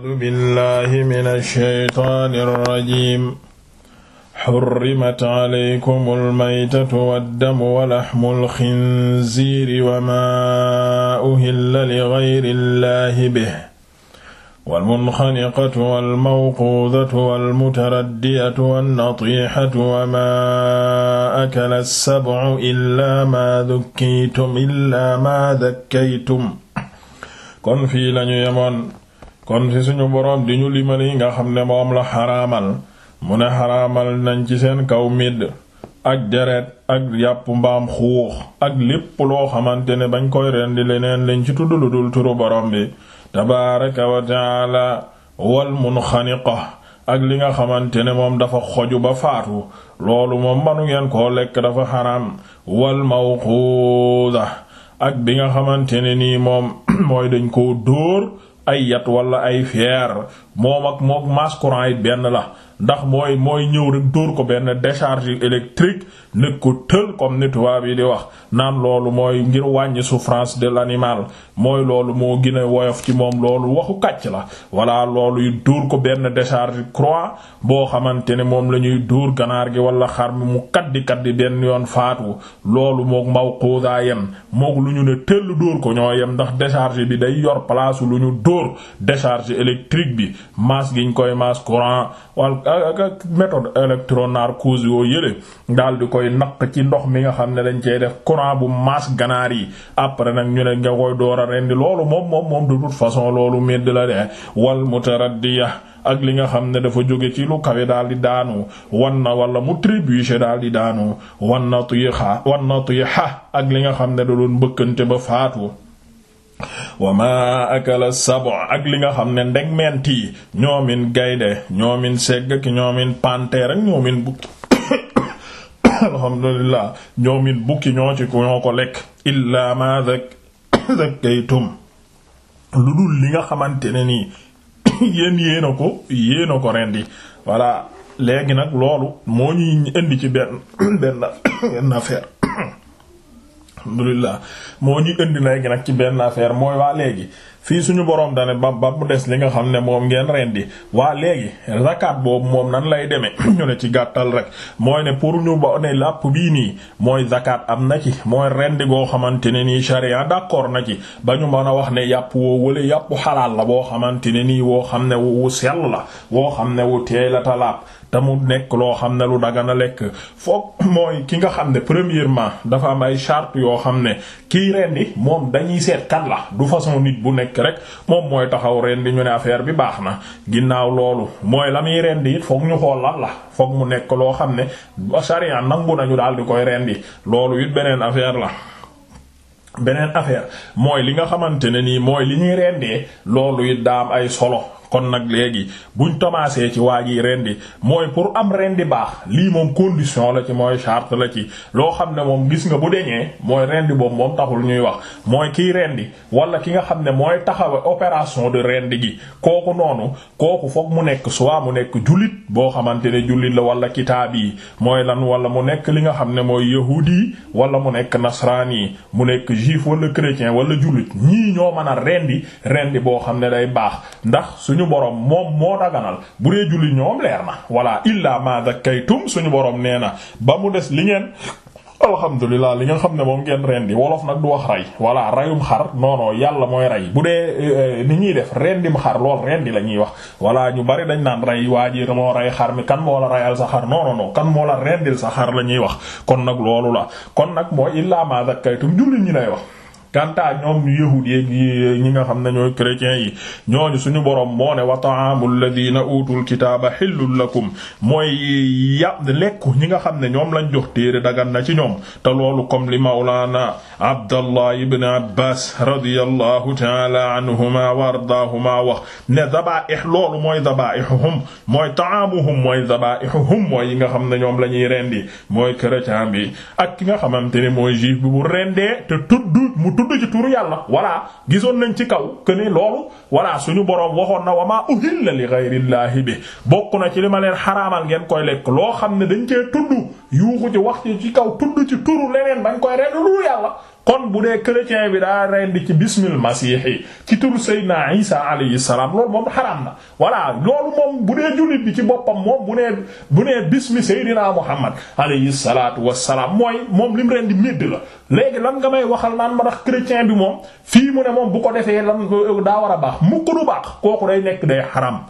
أعوذ بالله من الشيطان الرجيم حرمت عليكم الميتة والدم ولحم الخنزير وما أهل لغير الله به والمنخنقة والموقوذة والمتردية والنطيحة وما أكل السبع إلا ما ذكيتم إلا ما ذكيتم kon fii lañu yemoon kon fi suñu borom di ñu limal yi nga xam ne moom la xaraamal mu ne xaraamal nañ ci seen kaw midd ak deret ak yàpp mbaam xuux ak lépp loo xamante ne bañ koy rendi leneen lañ ci tudd lu dul turu borom bi tabaaraka wa taala wal munxaniqa ak li nga xamante ne moom dafa xoju ba faatu loolu moom manu ngeen koo lekk dafa xaraam wal mawquuda ak bi nga xamante ne nii moom mooy dañ koo dóor ay yat wala ay feer moom ak mook masse courant it benn la ndax mooy mooy ñëw rek dóor ko benn décharge électrique nit ko tël kom ni tubaab yi di wax naan loolu mooy ngir wàññi souffrance de l'animal mooy loolu moo gën woyof ci moom loolu waxu kàcc la walla loolu yu dóor ko benn décharge croix boo xamante ne moom la ñuy dóor ganaar gi wala xar mi mu kaddi kaddi benn yoon faatu loolu mook mawquuda yem mook lu ñu ne tëll dóor ko ñoo yem ndax décharge bi day yor place lu ñu dóor décharge électrique bi masse giñ koy masse courant ak ak méthode électronarcose yoo yële daal di koy naq ci ndox mi nga xam ne dañ cey def courant bu mas ganaar yi après nag ñu ne nga koy door a loolu moom moom moom de toute façon loolu medd la de wal mutaraddiya ak li nga xam ne dafa jóge ci lu kawe daal di daanu wan na wala mu trébuché daal di daanu wan na tuyxa wan na tuyxa ak li nga xam ne da doon mbëkkante ba faatu wa ma akala sabo ak li nga xam ne ndegmeent yi ñoomin gaynde ñoomin segg ki ñoomin panteer ak ñoomin bukki ñoo ci ñoo ko lekk illaa ma zakkaytum lu dul li nga xamante ne nii yéen yéena ko yéena ko rendi voilà léegi nag loolu moo ñuy indi ci benn benn benn alhamdulillah moo ñu indi léegi nag ci benn affaire mooy waa léegi fii suñu boroom dane ba ba mu des li nga xam ne moom ngeen rendi waa léegi zakat boobu moom nan lay demee ñu ne ci gàttal rek mooy ne pour ñu ba ne làpp bii nii mooy zakat am na ci mooy rendi goo xamante ne nii charia d'accord na ci ba ñu mën a wax ne yàpp woo wala yàpp xalaal la boo xamante ne nii woo xam ne wu sell la woo xam ne wu teey la ta te mu nekk loo xam ne lu dagana lekk foog mooy ki nga xam ne premièrement dafa am ay charte yoo xam ne kii rendi moom dañuy seet kan la du façon nit bu nekk nekk rek moom mooy taxaw ren di ñu ne affaire bi baax na ginnaaw loolu mooy la muy ren di it foog ñu xool la la foog mu nekk loo xam ne sariya nangu nañu daal di koy ren loolu it beneen affaire la. beneen affaire mooy li nga xamante ne nii mooy li ñuy rendee loolu it am ay solo kon nag léegi buñ commencé ci waa ji rendi mooy pour am rendi baax lii moom condition la ci mooy charte la ci loo xam ne moom gis nga bu deñee mooy rendi boobu moom taxul ñuy wax mooy kiy rendi wala ki nga xam ne mooy taxawe opération de rendi gi kooku noonu kooku foog mu nekk soit mu nekk julit boo xamante ne julit la wala kitaab yi mooy lan wala mu nekk li nga xam ne mooy yahudi wala mu nekk nasraan yi mu nekk juif wala chrétien wala jullit ñii ñoo mën a rendi rendi boo xam ne day baax suñu boroom moom moo daganal bu dee julli ñoom leer na walla illaa ma zakaytum suñu boroom nee na ba mu des li ngeen alhamdulilah li nga xam ne moom ngeen rendi wolof nag du wax rey walla reyum xar non non yàlla mooy rey bu dee euh, ni ñuy def rendim xar lool rendi la ñuy wax walla ñu bari dañ naan rey waa ji moo rey xar mi kan moo la reyal sa xar non non kan moo la rendil sa xar la ñuy wax kon nag loolu la kon nag mooy illaa ma zakaytum julli ñi lay kantaa ñoom ñu yahud yi ñi nga xam ne ñooy chrétiens yi ñooñu suñu borom moo ne wa ta'amul ladina utul kitaaba xillul lakum mooy ya lekku ñi nga xam ne ñoom lañ jox téere dagan na ci ñoom te loolu comme li mawlaana abdallah ibn abbas radiyallahu taala anhuma wa ardaahuma wax ne dabaih loolu mooy dabaihum mooy ta'amuhum mooy dabaihum mooy yi nga xam ne ñoom la ñuy rendi mooy chrétien mooy juif bu rendee te tudd mu tudd ci turu yàlla voilà gisoon nañ ci kaw que ne loolu voilà suñu borom waxoon na wa maa uhilla li ghayrillahi bi bokk na ci li ma leen xaraamal ngeen koy lekk loo xam ne dañ cee tudd yuuxu ci wax ci ci kaw tudd ci turu leneen bañ koy rend lu yàlla kon bu dee chrétien bi daa rendi ci bismil masihi ci tur Seydina Isa alayhi salaam loolu moom xaraam na voilà loolu moom bu dee jullit bi ci boppam moom bu nee bu nee bismi Seydina Muhammad alayhi salaatu wassalaam mooy moom lim rendi médd la léegi lan nga may waxal naan ma ndax chrétien bi moom fii mu ne moom bu ko defee lan daa war a baax mukk du baax kooku day nekk day xaram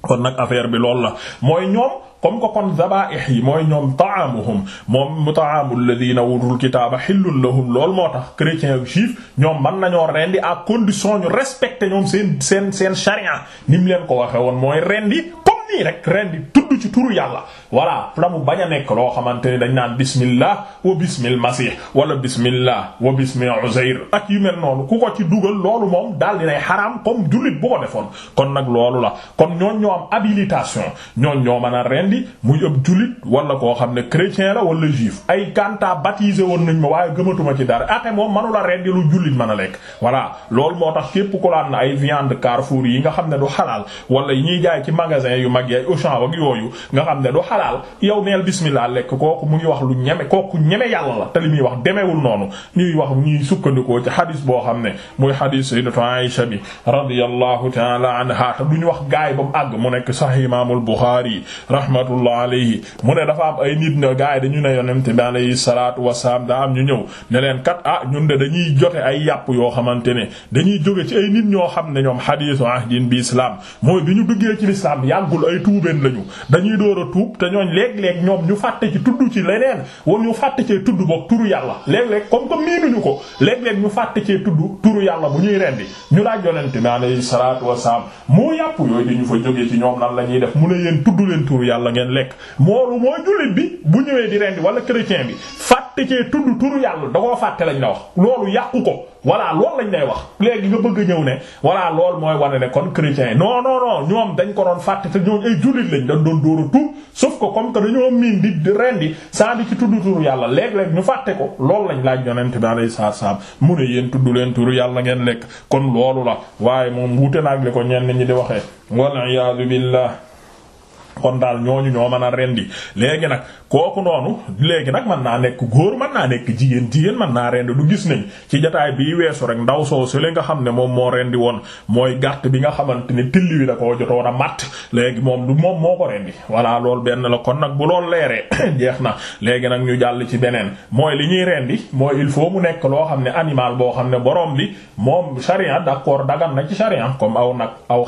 kon nag affaire bi loolu la mooy ñoom comme que kon zabaa'ih yi mooy ñoom ta'amuhum moom ta'amul ladina wutul kitaaba xillul lahum lool moo tax chrétien ak juif ñoom mën nañoo rendi à condition ñu respecter ñoom seen seen seen charia ni mu leen ko waxee woon mooy rendi comme nii rek rendi tudd ci turu yàlla voilà la mu bañ a nekk loo xamante ni dañ naan bismillah wa bismil masih wala bismillah wa bismi uzair ak yu mel noonu ku ko ci dugal loolu moom daal dinay xaraam comme jullit bu ko defoon kon nag loolu la kon ñooñ ñoo am habilitation ñooñ ñoo mën a rendi muy ëpp jullit wala koo xam ne chrétien la wala juif ay kanta baptisé woon nañ ma waaye gëmatuma ci dara ate moom manula rendi lu jullit mën a lekk voilà loolu moo tax képp ku laan na ay viande Carrefour yi nga xam ne du xalaal wala yi ñuy jaay ci magasin yu mag yi ay Auchan ak yooyu nga xam ne du xalaal daal yow neel bismillah lekk kooku mu lu ñeme kooku ñeme yàlla la te wax demewul noonu ñuy wax ñuy sukkandikoo ci xadis boo xam ne muy xadis sayyidatu Aisha bi radiyallahu ta'ala anha te duñu wax gaay ba mu àgg mu nekk sahih imaamul Bukhari rahmatullah alayhi mu ne dafa am ay nit ne gaay dañu ne yonent bi alayhi salaatu wasalaam daa am ñu ñëw ne leen kat ah ñun de dañuy jote ay yàpp yoo xamante ne dañuy jóge ci ay nit ñoo xam ne ñoom xadisu ahdin bi islam mooy bi ñu duggee ci lislaam yàggul ay tuubeen lañu dañuy door a tuub ñooñ léeg-léeg ñoom ñu fàtte ci tudd ci leneen wala ñu fàtte cee tudd boog turu yàlla léeg-léeg comme que miinuñu ko léeg-léeg ñu fàtte cee tudd turu yàlla bu ñuy rendi ñu laaj yonente bi alayhi salaatu wasalaam moo yàpp yooyu dañu fa jógee ci ñoom nan la ñuy def mu ne yéen tudd leen turu yàlla ngeen lekk moolu moo jullit bi bu ñëwee di rendi wala chrétien bi fàtte cee tudd turu yàlla da koo fàtte lañ la wax loolu yàqu ko voilà loolu lañ lay wax léegi nga bëgg ñëw ne voilà lool mooy wane ne kon chrétiens yi non non ñoom dañ ko doon fàtte te ñoom ay jullit lañ dañ doon dóor a tuub sauf que comme que dañoo miin di rendi sans di ci tudd turu yàlla léeg-léeg ñu fàtte ko loolu lañ laaj yonent bi alayhi salaam mu ne yéen tudd leen turu yàlla ngeen lekk kon loolu la waaye moom wuute naag li ko ñenn ñi di waxee kon daal ñooñu ñoo mën a rendi léegi nag kooku noonu léegi nag mën naa nekk góor mën naa nekk jigéen jigéen mën naa rendi du gis nañ ci jataay bii weesu rek ndaw soo li nga xam ne moom moo rendi woon mooy gàtt bi nga xamante ne tilli wi da koo jotoon a matt léegi moom du moom moo ko rendi voilà loolu benn la kon nag bu loolu leeree jeex na léegi nag ñu jàll ci beneen mooy li ñuy rendi mooy il faut mu nekk loo xam ne animal boo xam ne boroom bi moom charia d'accord dagan na ci charia comme aw nag aw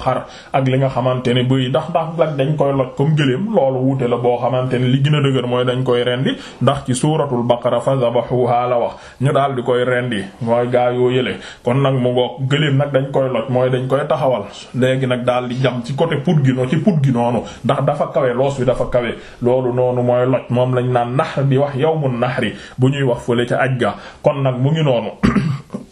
li nga ne comme gëléem loolu wuute la boo xamante ne li gën a dëgër mooy dañ koy rendi ndax ci suuratul baqara fa zabahuha la wax ñu daal di koy rendi mooy gaa yoo yële kon nag mu ngoog gëléem nag dañ koy mooy dañ koy taxawal léegi nag daal di jam ci côté put gi ci put gi noonu ndax dafa kawe loos wi dafa kawe loolu noonu mooy loj moom lañ naan nax di wax yow nax nahri bu ñuy wax fële ca aj ga kon nag mu ngi noonu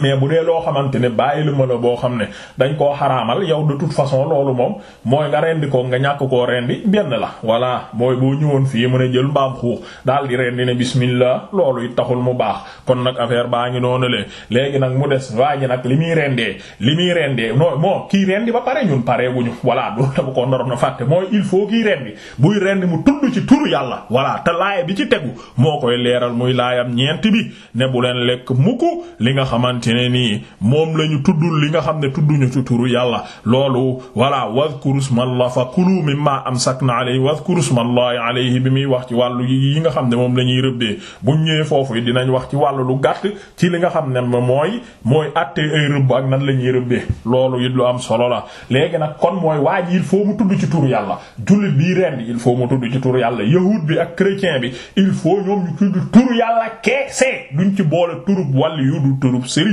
mais bu dee loo xamante ne bàyyi lu ma la boo xam ne dañ koo xaraamal yow de toute façon loolu moom mooy nga rendi ko nga ñàkk koo rendi benn la voilà mooy boo ñëwoon fii mu ne jël mbaam xuux daal di rendi ne bismillah loolu it taxul mu baax kon nag affaire baa ngi noonu le léegi nag mu des waa ji nag li muy rendee li muy rendee non moo kii rendi ba pare ñun pare wuñu voilà loolu ko naroon a fàtte mooy il faut kii rendi buy rendi mu tudd ci turu yàlla voilà te laaya bi ci tegu moo koy leeral muy laayam ñeent bi ne bu leen lekk mukk li nga xamante xamante ne nii moom la ñu tuddul li nga xam ne tudduñu ci turu yàlla loolu walla wadhkuru smallahi fa kulu mimma amsakna alayhi wadhkuru smallahi alayhi bi muy wax ci wàllu yi nga xam ne moom la ñuy rëbbee bu ñëwee foofu dinañ wax ci wàllu lu gàtt ci li nga xam ne mooy mooy àtte ay rëbb ak nan la ñuy rëbbee loolu it lu am solo la léegi nag kon mooy waa yil foo mu tudd ci turu yàlla jullit bii rend il faut mu tudd ci turu yàlla yahud bi ak chrétien bi il faut ñoom ñu tudd turu yàlla keese duñ ci boole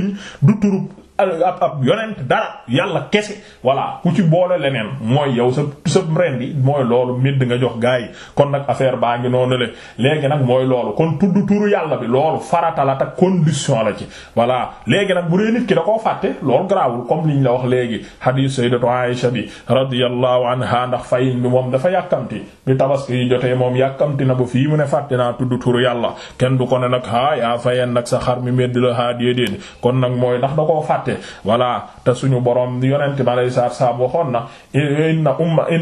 sëriñ du turub euh, ab ab yonent dara yàlla kese voilà ku ci boole leneen mooy yow sa sëb ren bi mooy loolu mid nga jox gaa yi kon nag affaire baa ngi noonu le léegi nag mooy loolu kon tudd turu yàlla bi loolu farata la te condition la ci voilà léegi nag bu dee nit ki da koo fàtte loolu garaawul comme liñ la wax léegi hadith sayyidatu Aisha bi radiyallahu anha ndax fayin bi moom dafa yàkkamti bi tabaski yi jotee moom yàkkamti na bu fii mu ne fàtte naa tudd turu yàlla kenn du ko ne nag haa yaa fayen nag sa xar mi medd la haa déedéet kon nag mooy ndax da koo fàtte voilà te suñu borom yonent ma lay sa sa waxoon na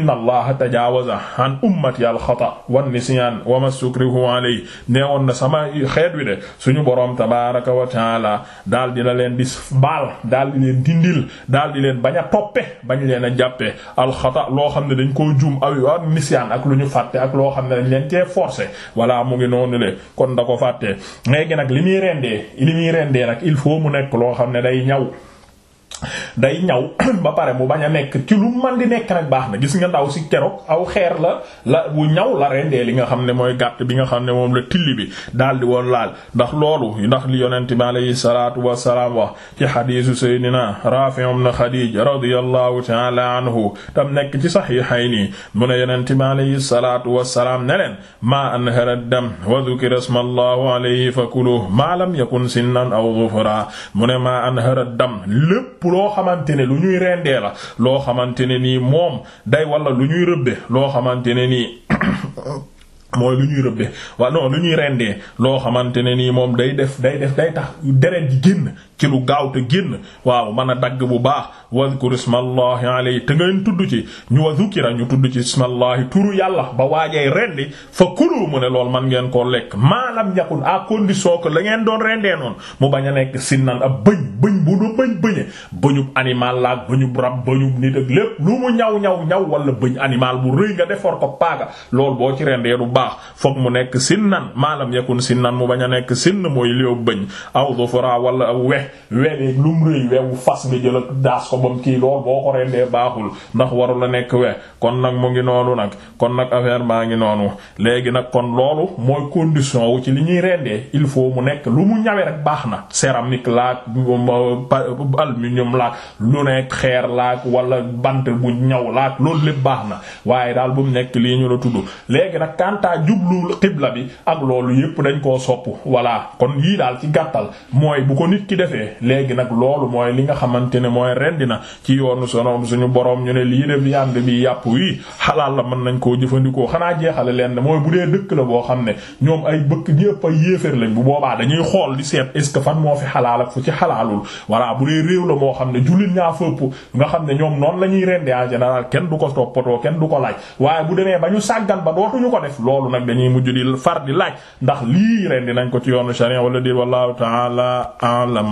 inna allaha tajaawaza an ummati alxata wan nisyaan wa ma sukrihu alayhi neewoon na sama xeet wi de suñu boroom tabaaraka wa taala daal dina leen di baal daal di leen dindil daal di leen bañ a toppe bañ leen a jàppe alxata loo xam ne dañ ko juum aw wa nisyaan ak lu ñu fàtte ak loo xam ne dañ leen cee forcé walla mu ngi noonu le kon da ko fàtte léegi nag li muy rendee li muy il faut nekk loo xam ne day ñaw day ñaw ba pare mu bañ a nekk ci lu man di nekk nag baax na gis nga ndaw si keroog aw xeer la la bu ñaw la rendee li nga xam ne mooy gàtt bi nga xam ne moom la tilli bi daal di laal ndax loolu ndax li yonente bi alayhi salaatu wasalaam wax ci xadiisu seydina Raafi' ibn Xadiij radiyallahu nekk ci saxiixayni mu ne yonente bi alayhi salaatu wasalaam ne leen maa anhara dam wa dhukira ismallahu alayhi fakuluhu maa lam yakun sinnan aw ghufra mu ne maa anhara dam lépp lépp loo xamante ne lu ñuy rendee la loo xamante ne nii moom day wala lu ñuy rëbbe loo xamante ne nii mooy lu ñuy rëbbe waaw non lu ñuy rendee loo xamante ne nii moom day def day def day tax deret ji génn ci lu gaaw te génn waaw man a dagg bu baax wadhkur ismallahi alayhi te ngeen tudd ci ñu wa dhukira ñu tudd ci ismallahi turu yàlla ba waajay rendi fa kulu mu ne lool man ngeen koo lekk maalam yakun à soo ko la ngeen doon rendee noon mu bañ a nekk sinnan a bëñ bëñ bu du bëñ bëñe bëñub animal laak bëñub rab bëñub nit ak lépp lu mu ñaw ñaw ñaw wala bëñ animal bu rëy nga defor ko paaka lool boo ci rendee du baax fokk mu nekk sinnan maalam yakun sinnan mu bañ a nekk sinn mooy léew bëñ aw weweeg lu mu rëy wewu fas bi jël ak daas ko bam kii lool boo ko rendee baaxul ndax waru la nekk we kon nag mu ngi noonu nag kon nag affaire baa ngi noonu léegi nag kon loolu mooy condition wu ci li ñuy rendee il faut mu nekk lu mu ñawe rek baax na céramique laak euh, aluminium laak lu nekk xeer laak wala bant bu ñaw laak loolu lépp baax na waaye daal bu mu nekk lii ñu la tudd léegi nag kantaa jublu xibla bi ak loolu yépp dañ koo sopp voilà kon yii daal ci gàttal mooy bu ko nit ki defee boobee léegi nag loolu mooy li nga xamante ne mooy rendi na ci yoonu sonoom suñu boroom ñu ne lii de viande bi yàpp yi xalaal la mën nañ koo jëfandikoo xanaa jeexale lenn mooy bu dee dëkk la boo xam ne ñoom ay bëkk ñëpp ay yéeféer lañ bu boobaa dañuy xool di seet est ce que fan moo fi xalaal ak fu ci xalaalul voilà bu dee réew la moo xam ne jullit ñaa fëpp nga xam ne ñoom noonu la ñuy rendi en général kenn du ko toppatoo kenn du ko laaj waaye bu demee ba ñu sàggan ba dootuñu ko def loolu nag dañuy mujj di far di laaj ndax lii rendi nañ ko ci yoonu sharia wala di wallahu ta'ala a'lam